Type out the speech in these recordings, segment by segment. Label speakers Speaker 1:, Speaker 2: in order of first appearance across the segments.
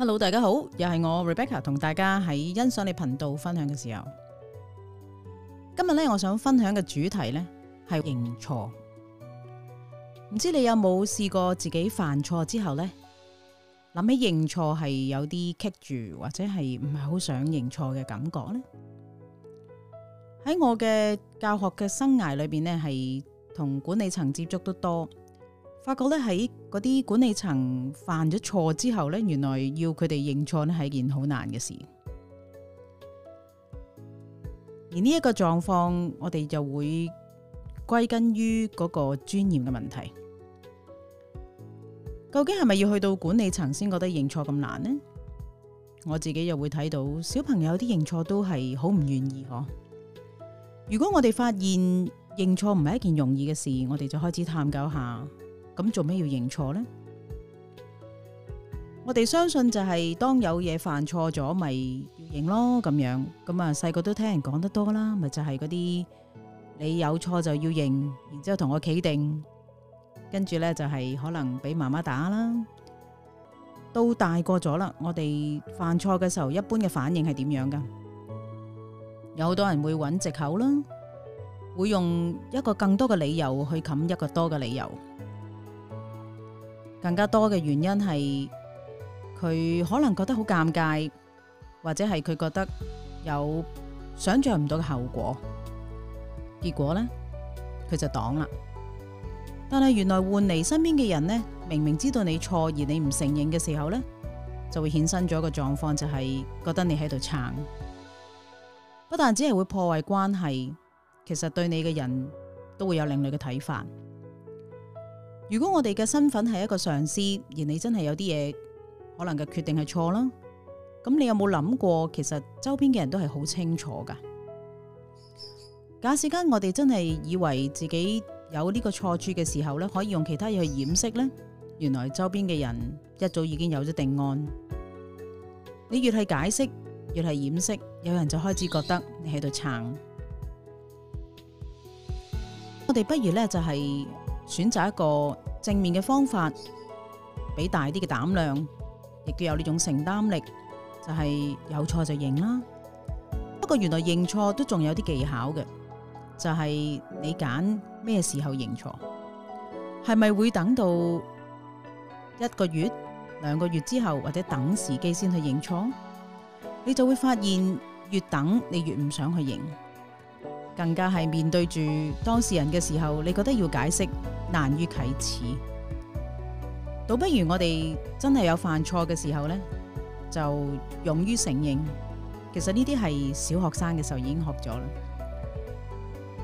Speaker 1: Hello，大家好，又係我 Rebecca 同大家喺欣賞你頻道分享嘅時候，今日咧我想分享嘅主題咧係認錯，唔知你有冇試過自己犯錯之後咧，諗起認錯係有啲棘住或者係唔係好想認錯嘅感覺咧？喺我嘅教學嘅生涯裏邊咧，係同管理層接觸得多，發覺咧喺。嗰啲管理層犯咗錯之後咧，原來要佢哋認錯咧係件好難嘅事，而呢一個狀況，我哋就會歸根於嗰個尊嚴嘅問題。究竟係咪要去到管理層先覺得認錯咁難呢？我自己又會睇到小朋友啲認錯都係好唔願意。嗬，如果我哋發現認錯唔係一件容易嘅事，我哋就開始探究下。咁做咩要認錯呢？我哋相信就係當有嘢犯錯咗，咪要認咯咁樣。咁啊，細個都聽人講得多啦，咪就係嗰啲你有錯就要認，然之後同我企定，跟住咧就係、是、可能俾媽媽打啦。到大個咗啦，我哋犯錯嘅時候，一般嘅反應係點樣噶？有好多人會揾借口啦，會用一個更多嘅理由去冚一個多嘅理由。更加多嘅原因係佢可能覺得好尷尬，或者係佢覺得有想象唔到嘅後果，結果呢，佢就擋啦。但係原來換嚟身邊嘅人呢，明明知道你錯而你唔承認嘅時候呢，就會衍生咗一個狀況，就係覺得你喺度撐，不但只係會破壞關係，其實對你嘅人都會有另類嘅睇法。如果我哋嘅身份係一個上司，而你真係有啲嘢可能嘅決定係錯囉，咁你有冇諗過，其實周邊嘅人都係好清楚噶。假使間我哋真係以為自己有呢個錯處嘅時候咧，可以用其他嘢去掩飾咧，原來周邊嘅人一早已經有咗定案。你越係解釋，越係掩飾，有人就開始覺得你喺度撐。我哋不如咧就係、是。選擇一個正面的方法，俾大啲嘅膽量，亦要有呢種承擔力，就係有錯就認啦。不過原來認錯都仲有啲技巧嘅，就係你揀咩時候認錯，係咪會等到一個月、兩個月之後，或者等時機先去認錯？你就會發現越等你越唔想去認。更加係面對住當事人嘅時候，你覺得要解釋難於啟齒，倒不如我哋真係有犯錯嘅時候呢，就勇於承認。其實呢啲係小學生嘅時候已經學咗啦，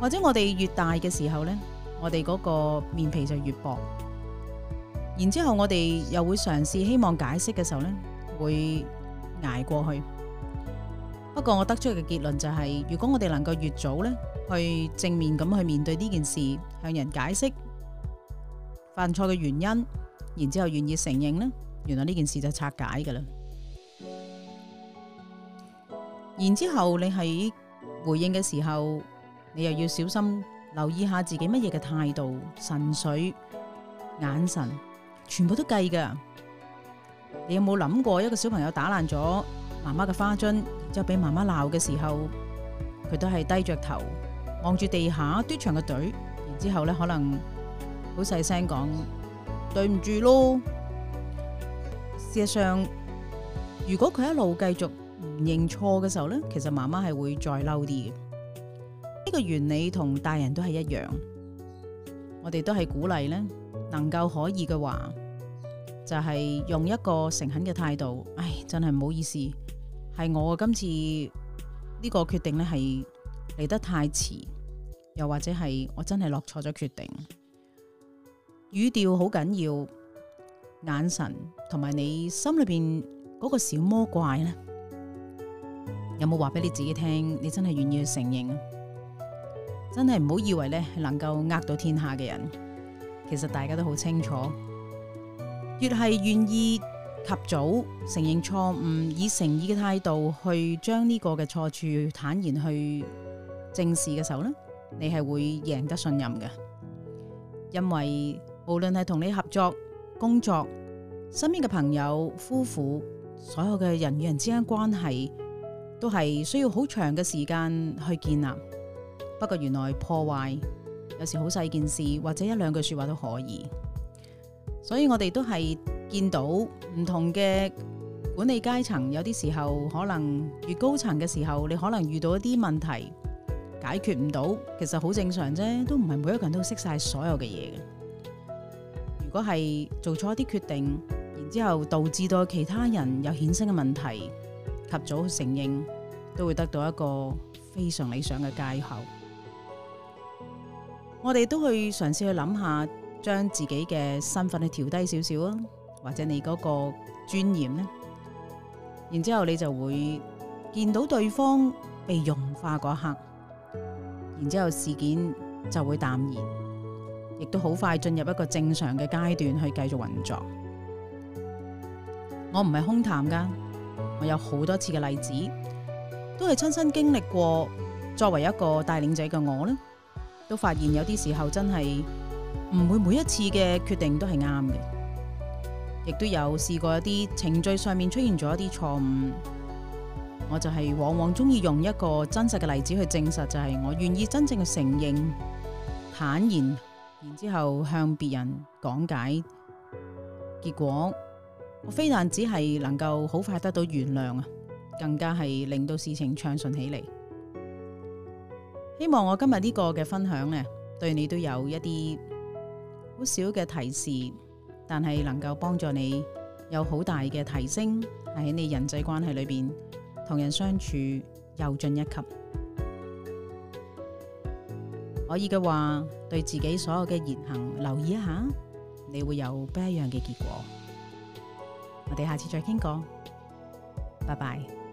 Speaker 1: 或者我哋越大嘅時候呢，我哋嗰個面皮就越薄，然之後我哋又會嘗試希望解釋嘅時候呢，會捱過去。不過我得出嘅結論就係，如果我哋能夠越早去正面噉去面對呢件事，向人解釋犯錯嘅原因，然之後願意承認呢，原來呢件事就拆解噶啦。然之後你係回應嘅時候，你又要小心留意下自己乜嘢嘅態度、神水、眼神，全部都計噶。你有冇諗過一個小朋友打爛咗？媽媽嘅花樽，然之後俾媽媽鬧嘅時候，佢都係低着頭望住地下，嘟長嘅嘴。然之後咧，可能好細聲講對唔住咯。事實上，如果佢一路繼續唔認錯嘅時候咧，其實媽媽係會再嬲啲嘅。呢、這個原理同大人都係一樣，我哋都係鼓勵咧，能夠可以嘅話，就係、是、用一個誠懇嘅態度。唉、哎，真係唔好意思。係我今次呢個決定咧，係嚟得太遲，又或者係我真係落錯咗決定。語調好緊要，眼神同埋你心裏邊嗰個小魔怪咧，有冇話俾你自己聽？你真係願意去承認啊？真係唔好以為咧係能夠呃到天下嘅人，其實大家都好清楚，越係願意。及早承認錯誤，以誠意嘅態度去將呢個嘅錯處坦然去正視嘅時候呢，你係會贏得信任嘅。因為無論係同你合作、工作、身邊嘅朋友、夫婦、所有嘅人與人之間關係，都係需要好長嘅時間去建立。不過原來破壞，有時好細件事，或者一兩句說話都可以。所以我哋都係。見到唔同嘅管理階層，有啲時候可能越高層嘅時候，你可能遇到一啲問題解決唔到，其實好正常啫，都唔係每一個人都識晒所有嘅嘢嘅。如果係做錯一啲決定，然後之後導致到其他人有衍生嘅問題，及早去承認都會得到一個非常理想嘅接口。我哋都嘗試去嘗試去諗下，將自己嘅身份去調低少少啊。或者你嗰個尊嚴呢？然之後你就會見到對方被融化嗰刻，然之後事件就會淡然，亦都好快進入一個正常嘅階段去繼續運作。我唔係空談噶，我有好多次嘅例子，都係親身經歷過。作為一個帶領者嘅我呢，都發現有啲時候真係唔會每一次嘅決定都係啱嘅。亦都有試過一啲程序上面出現咗一啲錯誤，我就係往往鍾意用一個真實嘅例子去證實，就係我願意真正嘅承認，坦然，然後向別人講解，結果我非但只係能夠好快得到原諒啊，更加係令到事情暢順起嚟。希望我今日呢個嘅分享呢，對你都有一啲好小嘅提示。但係能夠幫助你有好大嘅提升，喺你人際關係裏面，同人相處又進一級。可以嘅話，對自己所有嘅言行留意一下，你會有不一樣嘅結果。我哋下次再傾過，拜拜。